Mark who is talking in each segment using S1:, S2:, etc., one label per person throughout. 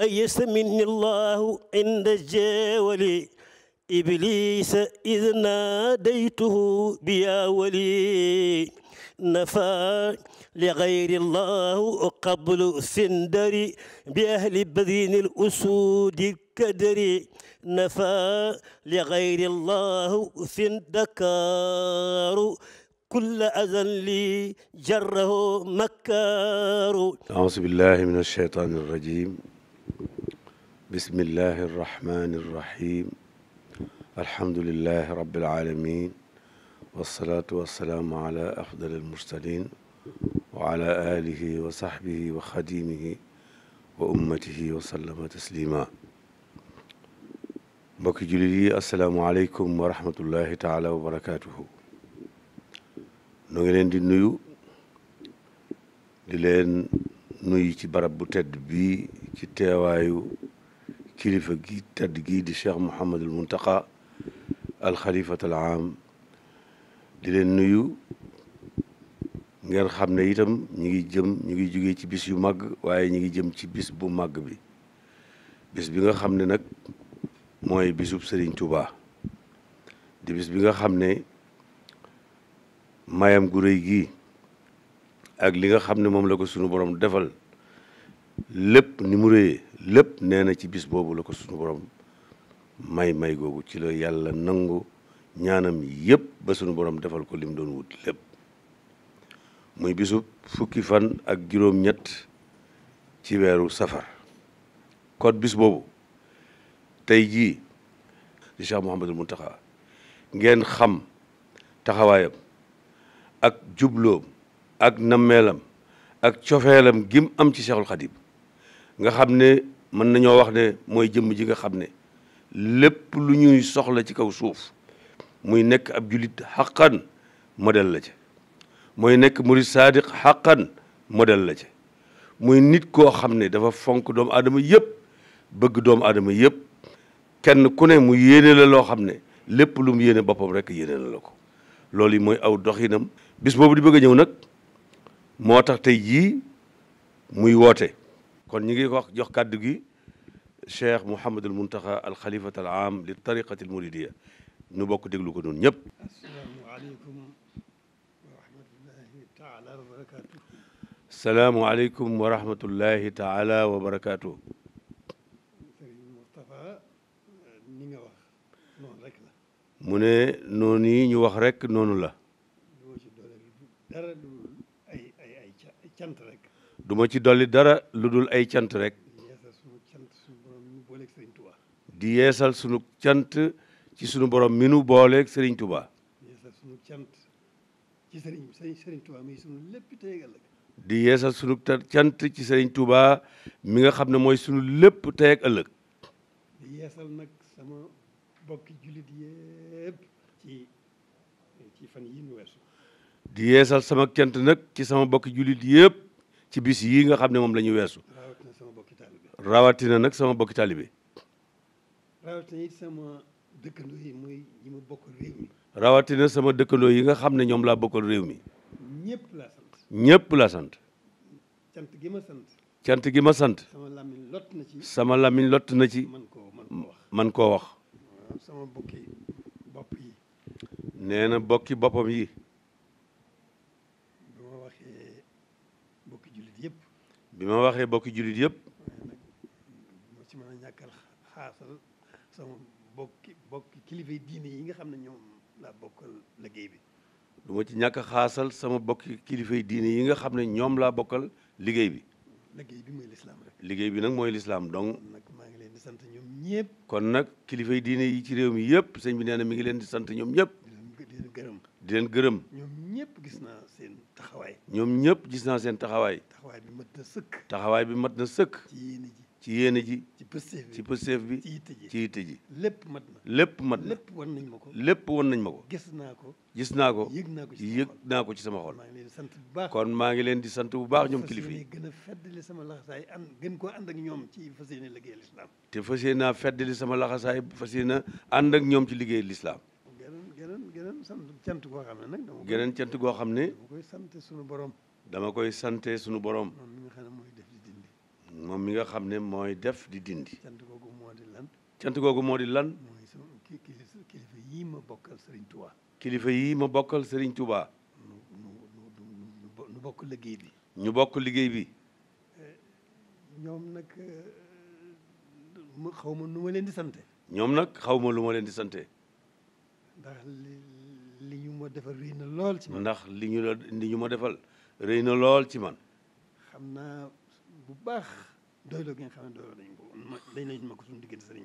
S1: أيس مني الله عند الجاول إبليس إذ ناديته بيا ولي نفى لغير الله قبل سندري بأهل بذين الأسود الكدري نفى لغير الله سندكار كل أذن لي جره مكار
S2: أعوذ بالله من الشيطان الرجيم بسم الله الرحمن الرحيم الحمد لله رب العالمين والصلاة والسلام على أفضل المرسلين وعلى آله وصحبه وخديمه وأمته وسلم تسليما بك جلدي السلام عليكم ورحمة الله تعالى وبركاته نغلين دي نيو دي لين نيو تي بي تي kilifa gi tedd gii di cheikh Mouhamadul Muntaqa alxalifatul aam di leen nuyu ngeen xam ne itam ñu ngi jëm ñu ngi jugee ci bis yu màgg waaye ñu ngi jëm ci bis bu màgg bi bis bi nga xam ne nag mooy bisub Serigne Touba di bis bi nga xam ne mayam gu rëy gii ak li nga xam ne moom la ko sunu borom defal lépp ni mu rëyee. lépp nee na ci bis boobu la ko suñu borom may may googu ci la yàlla nangu ñaanam yépp ba suñu borom defal ko lim doon wut lépp muy bisu fukki fan ak juróom-ñett ci weeru safar kon bis boobu tey jii di Cheikh Mouhamadul Mountakha ngeen xam taxawaayam ak jubloom ak nammeelam ak cofeelam gim am ci Cheikhul Khadim nga xam ne mën nañoo wax ne mooy jëmm ji nga xam ne lépp lu ñuy soxla ci kaw suuf muy nekk ab julit xaqan modèle la ci mooy nekk murid saadiq xaqan modèle la ci muy nit koo xam ne dafa fonk doomu aadama yëpp bëgg doomu aadama yëpp kenn ku ne mu yéene la loo xam ne lépp lu mu yéene boppam rek yéene la la ko loolu yi mooy aw doxinam bis boobu di bëgg a ñëw nag moo tax tey jii muy woote kon ñi ngi wax jox kàddu gi cheikh mouhamadul muntaxa al xalifat al aam li tariqati al muridiya ñu bokk déglu ko noonu ñëpp
S1: asalaamualeykum wa rahmatullahi taala wa barakaatu
S2: asalaamualeykum wa rahmatullahi taala wa barakaatu
S1: sëriñ Moustapha ni nga wax noonu rek la
S2: mu ne noonu yi ñu wax rek noonu la
S1: dara ay ay ay cant rek
S2: duma ci dolli dara lu dul ay cant rek di yeesal sunu cant ci sunu borom mi nu booleeg Serigne Touba. di
S1: yeesal sunu cant ci Serigne Touba mi sunu lépp tey
S2: di yeesal sunu cant ci Serigne Touba mi nga xam ne mooy sunu lépp tey ak ëllëg.
S1: di yeesal nag sama bokki jullit yëpp ci fan yii
S2: di yeesal sama cant nag ci sama bokki jullit yëpp. ci bis yii nga xam ne moom la ñu weesu rawatina nag sama bokki taalibe
S1: rawatina sama dëkkandoo yi
S2: rawatina sama dëkkandoo yi nga xam ne ñoom laa bokkal réew mi ñëpp laa sant
S1: sant cant gi ma sant
S2: gi ma sant sama
S1: làmmiñ lott na ci
S2: sama làmmiñ lott na ci man koo wax
S1: sama bokki bopp yi
S2: nee na bokki boppam yi bi ma waxee bokki jullit yëpp
S1: ci mën a ñàkkal xaasal sama bokki bokki diine yi nga xam ne ñoom laa bokkal liggéey bi
S2: du ma ci ñàkk xaasal sama bokki kilifa diine yi nga xam ne ñoom laa bokkal liggéey bi
S1: liggéey bi mooy lislaam rek
S2: liggéey bi nag mooy lislaam donc nag
S1: maa ngi leen di sant ñoom ñëpp
S2: kon nag kilifa diine yi ci réew mi yëpp sëñ bi nee na mi ngi leen di sant ñoom ñëpp di leen gërëm di leen gërëm
S1: ñoom ñëpp gis naa seen taxawaay
S2: ñoom ñëpp gis naa seen taxawaay. taxawaay bi mat na sëkk. taxawaay bi mat na sëkk. ci yéene ji ci yéene ji. ci pësteef bi ci bi ci yitte ji ci yitte ji. lépp mat na lépp mat na lépp nañ ma ko. lépp wan nañ ma ko. gis naa ko gis naa ko. yëg naa ko ci sama xol ko ci sama xol. sant bu baax kon maa ngi leen di sant bu baax ñoom kilifa yi.
S1: gën a feddali sama laxasaay ànd gën koo ànd ak ñoom ci fas yéene liggéey lislaam.
S2: te fas yéene naa feddali sama laxasaay fas yéene ànd ak ñoom ci liggéey lislaam
S1: sant cant xam ne nag. geneen
S2: cant goo xam ne.
S1: dama koy sant sunu borom.
S2: dama koy sante sunu borom. moom mi nga xam ne mooy def di dindi. cant googu moo di
S1: lan. cant googu moo di lan. kilifa yii ma bokkal Serigne Touba.
S2: kilifa yii ma bokkal Serigne Touba.
S1: ñu bokk liggéey bi.
S2: ñu bokk liggéey bi.
S1: Eh, ñoom nag eh, xaw ma nu ma leen di sante.
S2: ñoom nag xaw lu ma leen di sante.
S1: li ñu ma defal rëy na
S2: lool ci man. ndax li ñu la li ñu ma defal rëy na lool ci man.
S1: xam naa bu baax doyloo gi nga xam nañ ko dañ lañ ma ko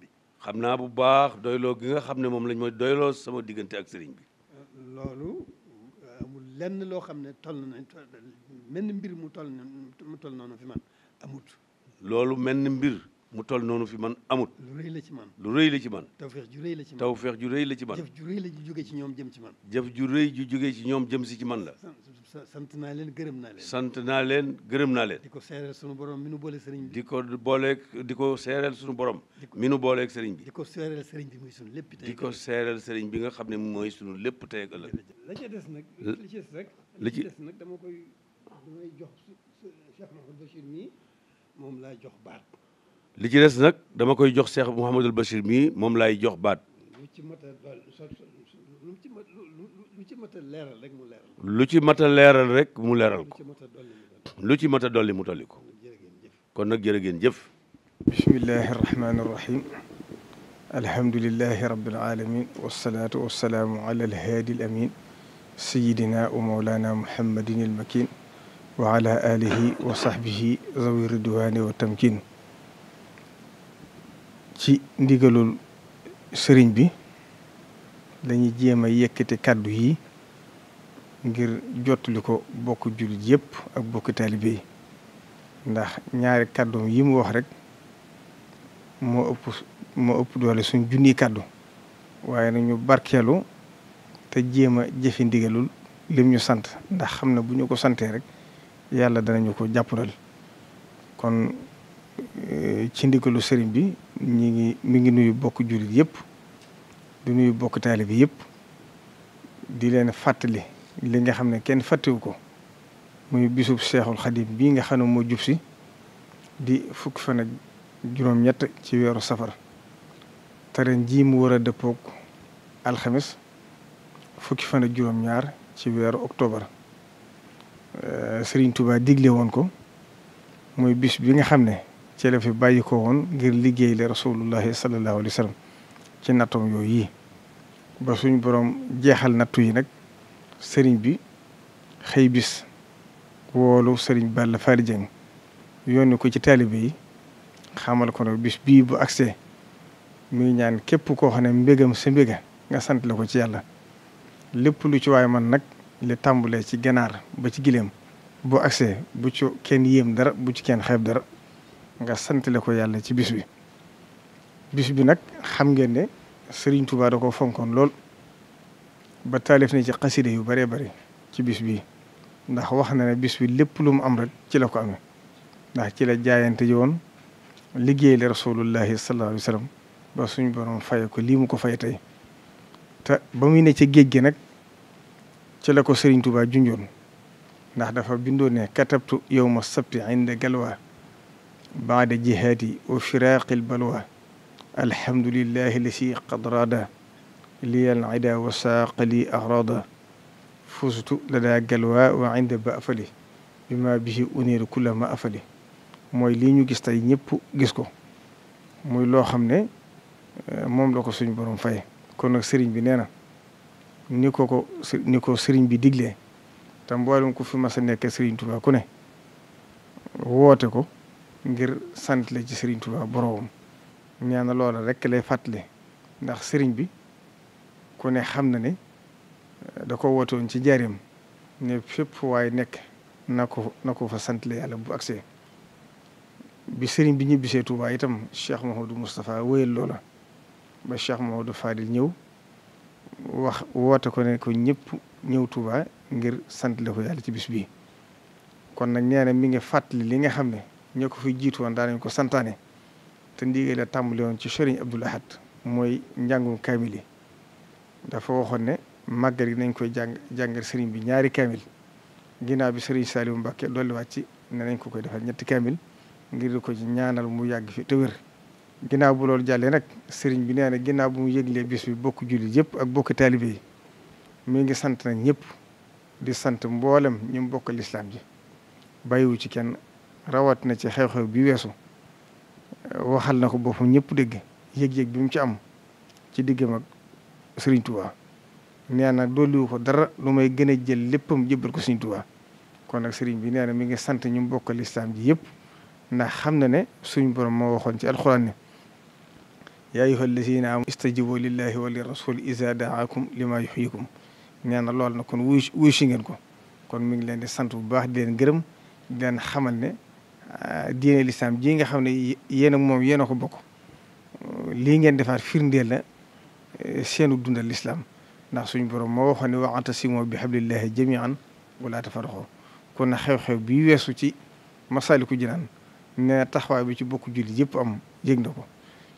S1: bi.
S2: xam naa bu baax doyloo gi nga xam ne moom lañ ma doyloo sama diggante ak sëriñ bi.
S1: loolu euh, mu lenn loo xam ne toll na mel ni mbir mu toll mu noonu fi man amut.
S2: loolu mel ni mbir. mu toll noonu fi man amut. lu rëy la ci man lu rëy la ci man. tawfeex ju rëy la ci man tawfeex ju rëy la ci man. jëf
S1: ju rëy la ju jógee ci ñoom jëm ci man.
S2: jëf ju rëy ju jógee ci ñoom jëm si ci man la.
S1: sant naa leen gërëm naa leen.
S2: sant naa leen gërëm naa leen. di
S1: ko seereel sunu borom mi nu booleeg sëriñ bi.
S2: di ko booleeg di ko seereel sunu borom. mi nu booleeg sëriñ bi. di
S1: ko seereel sëriñ bi muy sunu lépp tey.
S2: ko seereel sëriñ bi nga xam ne mooy sunu lépp tey ak ëllëg. la ca des nag. li ci des rek. li ci des
S1: nag dama koy jox Cheikh moom laa jox baat
S2: li ci nag dama koy jox Cheikh Mouhamadul Bachir mii moom laay jox baat.
S1: lu ci mat leeral rek mu leeral.
S2: lu ci mat a leeral rek mu leeral ko. lu ci mat a dolli mu dolli ko. kon nag jërë ngeen jëf.
S3: bismillahi rahmaani rahim. alhamdulilahi rabbil alamin wasalaatu wasalaamu ala alhaadi al amin sayidina wa mawlana muhammadin al makin wa ala alihi wa sahbihi zawi ridwani wa ci ndigalul sëriñ bi dañuy jéem a yëkkati kàddu yi ngir jottali ko bokk jullit yépp ak bokk taalibe ndax ñaari kàddoom yi mu wax rek moo ëpp moo ëpp doole suñ junni kàddu waaye nañu barkeelu te jéem a jëfi ndigalul lim ñu sant ndax xam na bu ñu ko santee rek yàlla danañu ko jàppandal kon eh, ci ndigalu sëriñ bi ñi ngi mi ngi nuyu bokk jullit yépp di nuyu bokk taalibe yëpp di leen fàttali li nga xam ne kenn fàttewu ko muy bisu seexul xadim bii nga xam ne moo jub si di fukki fan ak juróom-ñett ci weeru safar te ren jii mu war a dëppoog alxames fukki fan juróom-ñaar ci weeru octobre euh, sëriñ Touba digle woon ko muy bis bi nga xam ne. ci la fi woon ngir liggéey le rasulullahi sallallahu alayhi wa sallam ci nattoom yooyu yi ba suñ boroom jeexal nattu yi nag sëriñ bi xëy bis woolu sëriñ Balla Fally Dieng ko ci taalibe yi xamal ko nag bis bii bu agsee muy ñaan képp koo xam ne mbégam sa mbéga nga sant la ko ci yàlla lépp lu ci waaye man nag li tàmbulee ci ganaar ba ci gileem bu agsee bu ci kenn yéem dara bu ci kenn xeeb dara nga santile ko yàlla ci bis bi bis bi nag xam ngeen ne sëriñ Touba da ko fonkoon lool ba taalif ci xaside yu bëree bëri ci bis bi ndax wax na ne bis bi lépp lu mu am rek ci la ko amee ndax ci la jaayante ji woon liggéey le rasulullahi sallallahu alayhi wa sallam ba suñu borom faye ko lii mu ko fay tey te ba muy ne ca géej gi nag ci la ko sëriñ Touba junjoon ndax dafa bindoo ne katabtu yow ma sabti inda galwaa بعد جهادي وفراق البلوى الحمد لله الذي قد راد لي العدا وساق لي أغراضا فزت لدى جلواء وعند بأفلي بما به أنير كل ما أفلي موي لي نيو غيستا نيب غيسكو موي لو خامني موم لاكو سيرن بروم فاي كون نك سيرن بي نينا نيكو كو نيكو سيرن بي ديغلي تام بولم كو فيما سا نيك سيرن توبا كوني ووتكو ngir sant la ci Serigne Touba boroom ñaa na loola rekk lay fàttali ndax sëriñ bi ku ne xam na ne da ko wootoon ci jaareem ne fépp waaye nekk na ko fa sant la yàlla bu agsee bi Serigne bi ñibbisee Touba itam Cheikh Mahodou Moustapha wéyal loola ba Cheikh Mahodou Fadil ñëw wax woote ko ne ko ñëpp ñëw Touba ngir sant la ko yàlla ci bis bii kon nag nee mi ngi fàttali li nga xam ne. ñoo ko fi jiitu woon daanañ ko santaane te ndigal la tàmbali woon ci Sëriñ Abdul Ahad mooy njàngum kaamil yi dafa waxoon ne màggal gi nañ koy jàng jàngal bi ñaari kaamil ginnaaw bi sëriñ Saliou Mbacke dolli wàcc ne nañ ko koy defal ñetti kaamil ngir di ko ñaanal mu yàgg fi te wér ginnaaw bu loolu jàllee nag sëriñ bi nee na ginnaaw bu mu yëglee bis bi bokk jullit yëpp ak bokk taalibe yi mi ngi sant nag ñëpp di sant mboolem ñu bokk lislaam ji bàyyiwu ci kenn rawat na ci xew-xew bi weesu waxal na ko boppam ñëpp dégg yëg-yëg bi mu ci am ci diggam ak Serigne Touba nee na dolliwu ko dara lu may gën a jël léppam jëbbal ko Serigne kon nag Serigne bi nee na mi ngi sant ñu bokk lislaam ji yëpp ndax xam na ne suñ borom moo waxoon ci alxuraan ne yaa ayyuhal lazina aamanu istajibu lillahi wa li rasul iza daakum lima yuhyikum nee na loolu na kon wuyu wuyu ngeen ko kon mi ngi leen di sant bu baax di leen gërëm di leen xamal ne Euh, diine lislaam ji nga xam ne yéen a moom yéen ko bokk lii ngeen defaat firndeel la euh, seenu dundal lislaam ndax suñu borom moo waxoon ne wa'tasimu bi hablillahi jami'an wala tafarraqu kon na xew-xew bi weesu ci Masaalikul Jinaan ne taxawaay bi ci bokk julli yépp am yëg na ko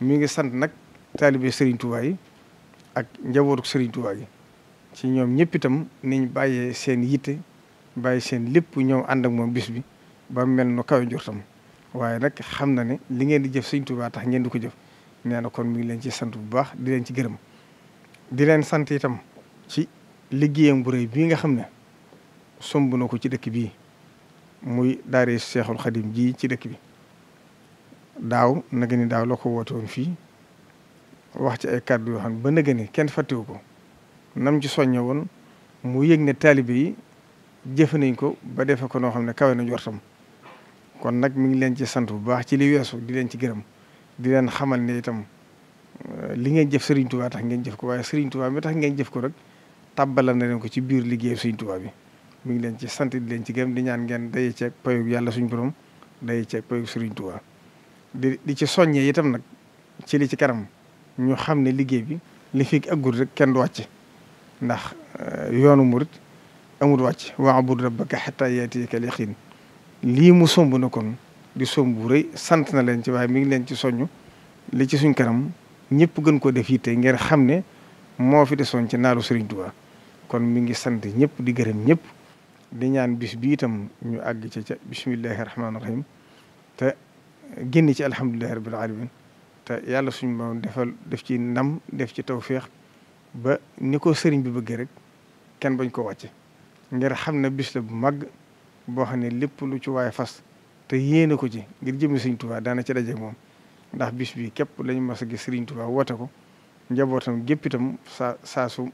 S3: mi ngi sant nag taalibe Serigne Touba yi ak njabootu Serigne Touba yi ci ñoom ñëpp itam niñ bàyyee seen yitte bàyyi seen lépp ñoom ànd ak moom bis ba mel nu kawe njortam waaye nag xam na ne li ngeen di jëf sëñ Tuubaa tax ngeen di ko jëf nee na kon mi ngi leen ci sant bu baax di leen ci gërëm di leen sant itam ci liggéeyam bu rëy bii nga xam ne somb ko ci dëkk bii muy daare Seexul Xadim ji ci dëkk bi daaw naga ni daaw la ko woote woon fii wax ci ay kàddu yoo xam ne ba naga kenn fàttewu ko nam ci soññe woon mu yëg ne taalibe yi jëfe nañ ko ba defe ko noo xam ne kawe na jortam kon nag mi ngi leen ci sant bu baax ci li weesu di leen ci gërëm di leen xamal ne itam euh, li ngeen jëf Serigne Touba tax ngeen jëf ko waaye Serigne mi tax ngeen jëf ko rek tàbbala na leen ko ci biir liggéey Serigne bi mu ngi leen ci sant di leen ci gërëm di ñaan ngeen daye ceeg payug yàlla suñu borom daye ceeg payug Serigne di di ci soññee itam nag ci li ci kanam ñu xam ne liggéey bi li fi aggul rek kenn du wàcc ndax euh, yoonu murit amul wàcc wa'bud rabbaka hatta ya'tiyakal lii mu somb na kon di somb bu rëy sant na leen ci waaye mi ngi leen ci soññ li ci suñ kanam ñëpp gën koo def yi tey xam ne moo fi desoon ci naalu Serigne Touba kon mu ngi sant ñëpp di gërëm ñëpp di ñaan bis bi itam ñu àgg ca ca bismillahi rahmaani rahim te génn ci alhamdulillahi rabbil alamin te yàlla suñ moom defal def ci nam def ci tawféex ba ni ko sëriñ bi bëggee rek kenn bañ ko wàcce ngir xam ne bis la bu màgg boo xam ne lépp lu ci waay fas te yéene ko ci ngir jëmmi Sëriñ Tuubaa daana ci daje moom ndax bis bi képp lañu mas a gis Sëriñ Tuubaa woote ko njabootam gépp itam saa saasu su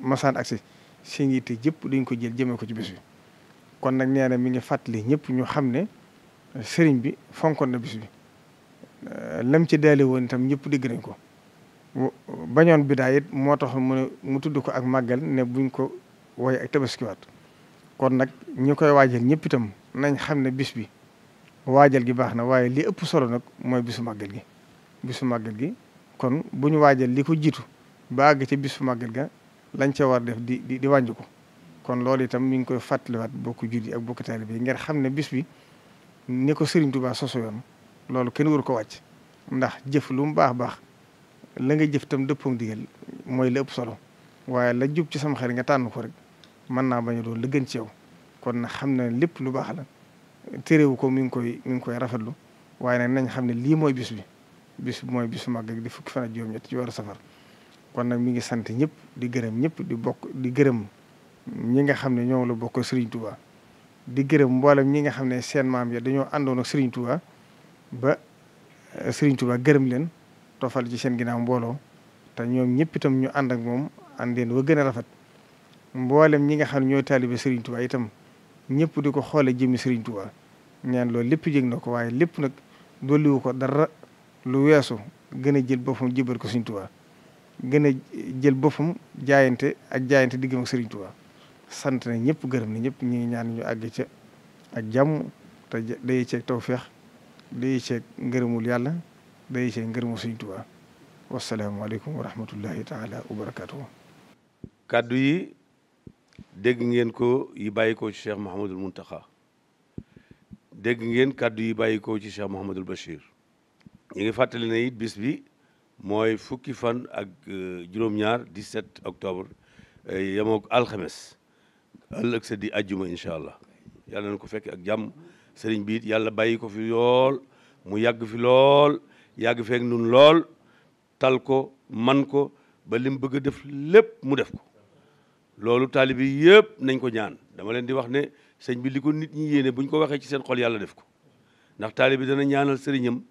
S3: masaan agsi seen yitte jëpp dañ ko jël jëmee ko ci bis bi kon nag nee na mi ngi fàttali ñëpp ñu xam ne sëriñ bi fonkoon na bis bi lam ci daale woon itam ñëpp dégg nañ ko bañoon bi daa it moo tax mu mu tudd ko ak màggal ne buñ ko woy ak tabaskiwaat kon nag ñu koy waajal ñëpp itam nañ xam ne bis bi waajal gi baax na waaye li ëpp solo nag mooy bisu màggal gi bisu màggal gi kon bu ñu waajal li ko jiitu ba àgg bisu màggal ga lañ cee war def di di di wàññi ko kon loolu itam mi ngi koy fàttaliwaat bokku jur ak bokku taalibe yi ngeen xam ne bis bi ni ko Serigne Touba soso yoon loolu kenn waru ko wàcc ndax jëf lu mu baax baax la nga jëf tam dëppoog digal mooy la ëpp solo waaye la jub ci sama xel nga tànn ko rek mën naa bañ a doon li gën ci yow kon na xam ne lépp lu baax la téréwu ko mi ngi koy mi ngi koy rafetlu waaye nag nañ xam ne lii mooy bis bi bis bi mooy bisu màgg di fukki fan ak juróom-ñett ci weeru safar kon nag mi ngi sant ñëpp di gërëm ñëpp di bokk di gërëm ñi nga xam ne ñoom bokk Serigne Touba di gërëm mboolem ñi nga xam ne seen maam ya dañoo àndoon ak Serigne Touba ba eh, Serigne Touba gërëm leen tofal ci seen ginnaaw mbooloo te ñoom ñëpp itam ñu ànd ak moom àndeen wa gën a rafet mboolem ñi nga xam ne ñooy taalibe Serigne Touba itam ñëpp di ko xoole jëmmi Serigne Touba ñaan loolu lépp yëg na ko waaye lépp nag dolliwu ko dara lu weesu gën a jël boppam jébal ko Serigne Touba gën a jël boppam jaayante ak jaayante diggam ak Serigne Touba sant na ñëpp gërëm na ñëpp ñu ngi ñaan ñu àgg ca ak jàmm te day ceeg tawféex day ceeg ngërëmul yàlla day ceeg ngërëmul Serigne Touba wasalaamualeykum wa rahmatullahi taala wa barakatuhu
S2: kaddu dégg ngeen ko yi bàyyikoo ci cheikh Mouhamadul Mountakha dégg ngeen kàddu yi bàyyikoo ci cheikh Mouhamadul Bachir ñu ngi fàttali ne it bis bi mooy fukki fan ak juróom-ñaar 17 octobre yemoo ak alxames ëllëg sa di ajjuma incha allah yàlla na ko fekk ak jàmm sëriñ bi it yàlla bàyyi ko fi lool mu yàgg fi lool yàgg feek nun lool tal ko man ko ba li mu bëgg a def lépp mu def ko loolu taalibe yëpp nañ ko ñaan dama leen di wax ne sëñ bi li ko nit ñi yéene buñ ko waxee ci seen xol yàlla def ko ndax taalibe dana ñaanal sëriñam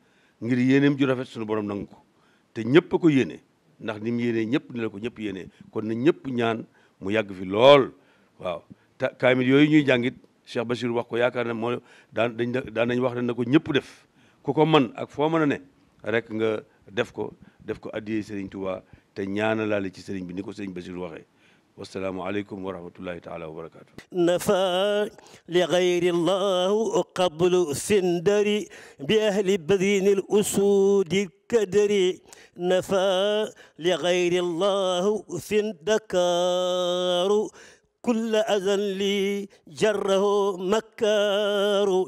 S2: ngir yéeneem ju rafet suñu borom nangu ko te ñëpp a ko yéene ndax ni mu yéenee ñëpp ni la ko ñëpp yéenee kon na ñëpp ñaan mu yàgg fi lool waaw ta kaamil yooyu ñuy jàngit Cheikh Bachir wax ko yaakaar ne mooy daan dañ daan nañ wax ne na ko ñëpp def ku ko man ak foo mën a ne rek nga def ko def ko addiyee Serigne Touba te ñaanalaale ci Serigne bi ni ko Serigne Bachir waxee والسلام عليكم ورحمة الله تعالى وبركاته
S1: نفى لغير الله قبل سندري بأهل بذين الأسود الكدري نفى لغير الله
S2: سندكار كل أذن لي جره مكار